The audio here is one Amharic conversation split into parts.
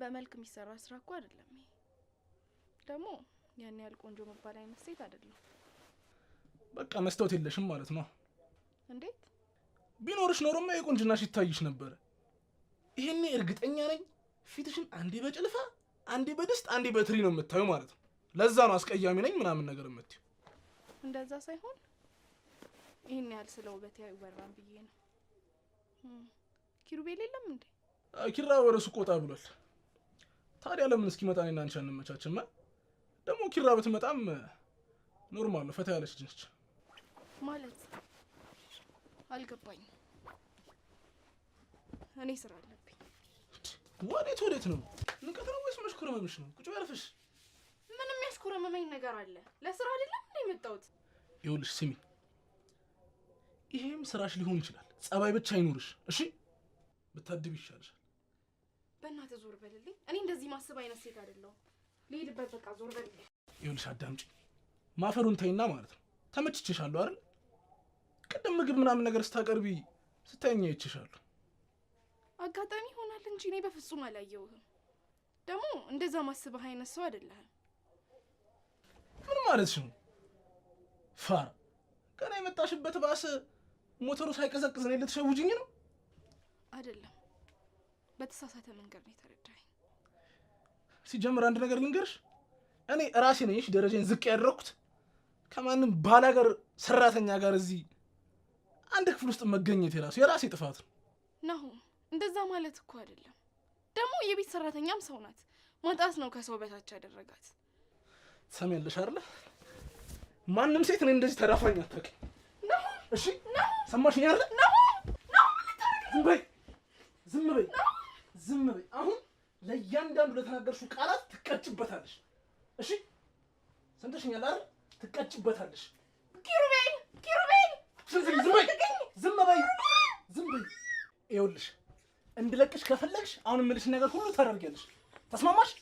በመልክ የሚሰራ ስራ እኮ አይደለም ይሄ። ደግሞ ያን ያህል ቆንጆ መባል አይነት ሴት አይደለም። በቃ መስታወት የለሽም ማለት ነው። እንዴት ቢኖርሽ ኖሮማ የቁንጅናሽ ይታይሽ ነበር። ይሄኔ እርግጠኛ ነኝ ፊትሽን አንዴ በጭልፋ አንዴ በድስት አንዴ በትሪ ነው የምታዩ ማለት ነው። ለዛ ነው አስቀያሚ ነኝ ምናምን ነገር የምትዩ። እንደዛ ሳይሆን ይህን ያህል ስለ ውበት ያወራን ብዬ ነው። ኪሩቤል የለም እንዴ? ኪራ ወደ ሱቅ ወጣ ብሏል። ታዲያ ለምን እስኪመጣ እኔና አንቺ አንመቻችም? ደግሞ ኪራ ብትመጣም ኖርማል ነው፣ ፈታ ያለች ነች ማለት አልገባኝ። እኔ ስራ አለብኝ። ወዴት ወዴት ነው? ንቀት ነው ወይስ መሽኮረመምሽ ነው? ቁጭ ያለፍሽ ምን የሚያሽኮረመመኝ ነገር አለ? ለስራ አይደለም እንደ የመጣሁት። ይኸውልሽ ስሚ፣ ይሄም ስራሽ ሊሆን ይችላል። ጸባይ ብቻ አይኖርሽ እሺ፣ ብታድብ ይሻልሽ። በእናትህ ዞር በልልኝ። እኔ እንደዚህ ማስብ አይነት ሴት አይደለሁም። ልሄድበት በቃ ዞር በልልኝ። ይሁንሽ፣ አዳምጪ። ማፈሩን ተይና ማለት ነው። ተመችቼሻለሁ አይደል? ቅድም ምግብ ምናምን ነገር ስታቀርቢ ስታይኛ ይችሻሉ። አጋጣሚ ይሆናል እንጂ እኔ በፍጹም አላየውህም። ደግሞ እንደዛ ማስብህ አይነት ሰው አይደለህም። ምን ማለትሽ ነው? ፋር ገና የመጣሽበት ባስ ሞተሩ ሳይቀዘቅዝ እኔ ልትሸውጅኝ ነው? አይደለም በተሳሳተ መንገድ ነው የተረዳኝ። ሲጀምር አንድ ነገር ልንገርሽ፣ እኔ ራሴ ነኝሽ ደረጃን ዝቅ ያደረኩት ከማንም ባላገር ሰራተኛ ጋር እዚህ አንድ ክፍል ውስጥ መገኘት የራሱ የራሴ ጥፋት ነው። ናሁም እንደዛ ማለት እኮ አይደለም። ደግሞ የቤት ሰራተኛም ሰው ናት። ማጣት ነው ከሰው በታች ያደረጋት። ትሰሚያለሽ አይደለ? ማንም ሴት እኔ እንደዚህ ተዳፋኝ አታውቅም። እሺ ሰማሽኝ አይደለ? ዝም በይ ዝም በይ ዝም በይ። አሁን ለእያንዳንዱ ለተናገርሽው ቃላት ትቀጭበታለሽ። እሺ ሰምተሽኛል አይደል? ትቀጭበታለሽ። ኪሩቤል ኪሩቤል፣ ዝም በይ ዝም በይ። ይኸውልሽ እንድለቅሽ ከፈለግሽ አሁን የምልሽ ነገር ሁሉ ታደርጊያለሽ። ተስማማሽ?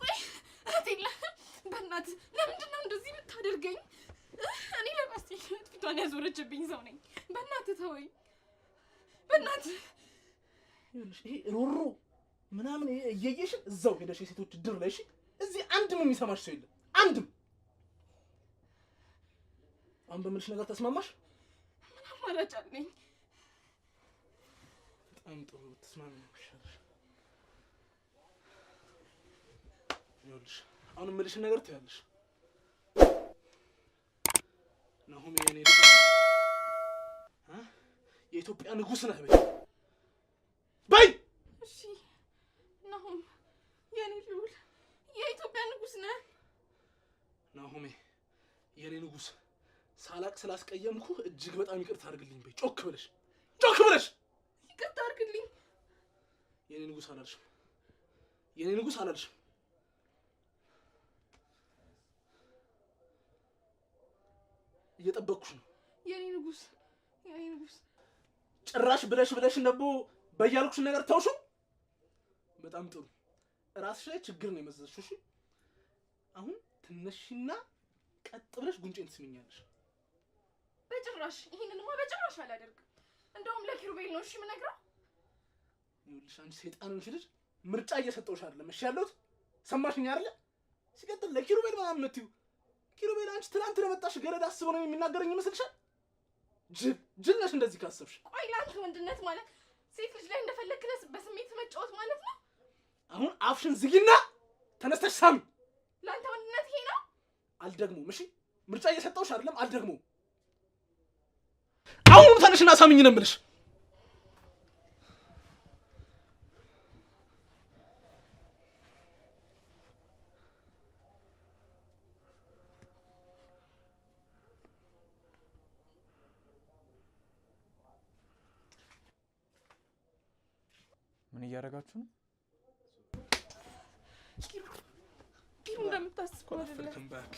ቆይ ለምንድን ነው እንደዚህ የምታደርገኝ? እኔ ለማስተያየት ፊቷን ያዞረችብኝ ሰው ነኝ። በእናት ተወኝ፣ በእናት ይሄ ሮሮ ምናምን እየየሽ እዛው ሄደሽ የሴቶች ድር ላይ እዚህ አንድም የሚሰማሽ ሰው የለም። አንድም አሁን በምልሽ ነገር ተስማማሽ? ምን አማራጭ አለኝ? በጣም ጥሩ ተስማሚ ይሻልሽ። ይኸውልሽ አሁን የምልሽን ነገር ትያለሽ። ናሁም የኔ የኢትዮጵያ ንጉስ ነህ በይ ናሆሜ የእኔ ንጉሥ ሳላቅ ስላስቀየምኩ እጅግ በጣም ይቅርታ አድርግልኝ። በይ ጮክ ብለሽ ጮክ ብለሽ ይቅርታ አድርግልኝ። የእኔ ንጉሥ አላልሽም? የእኔ ንጉሥ አላልሽም? እየጠበቅኩሽ ነው የኔ ንጉስ የኔ ንጉስ፣ ጭራሽ ብለሽ ብለሽ ነቦ በያልኩሽ ነገር ተውሽው። በጣም ጥሩ። ራስሽ ላይ ችግር ነው የመዘዝሽው። እሺ አሁን ትነሽና ቀጥ ብለሽ ጉንጭን ትስምኛለሽ። በጭራሽ ይህንንማ በጭራሽ አላደርግም። እንደውም ለኪሩቤል ነው እሺ የምነግረው። ይኸውልሽ አንቺ ሰይጣን ነሽ ልጅ፣ ምርጫ እየሰጠሁሽ አይደለም እሺ ያለሁት ሰማሽኝ አይደለ? ሲቀጥል ለኪሩቤል ምናምን የምትይው ኪሩቤል አንቺ ትናንት ለመጣሽ ገረድ አስቦ ነው የሚናገረኝ ይመስልሻል? ጅል ጅል ነሽ እንደዚህ ካሰብሽ። ቆይ ለአንተ ወንድነት ማለት ሴት ልጅ ላይ እንደፈለግክ በስሜት መጫወት ማለት ነው? አሁን አፍሽን ዝጊና ተነስተሽ ሳሚ። ለአንተ አልደግሞም። እሺ ምርጫ እየሰጠውሽ አይደለም፣ አልደግሞም። አሁኑ ተነሽና ሳምኝ ነው የምልሽ። ምን እያደረጋችሁ ነው? Give them that squad. Come back.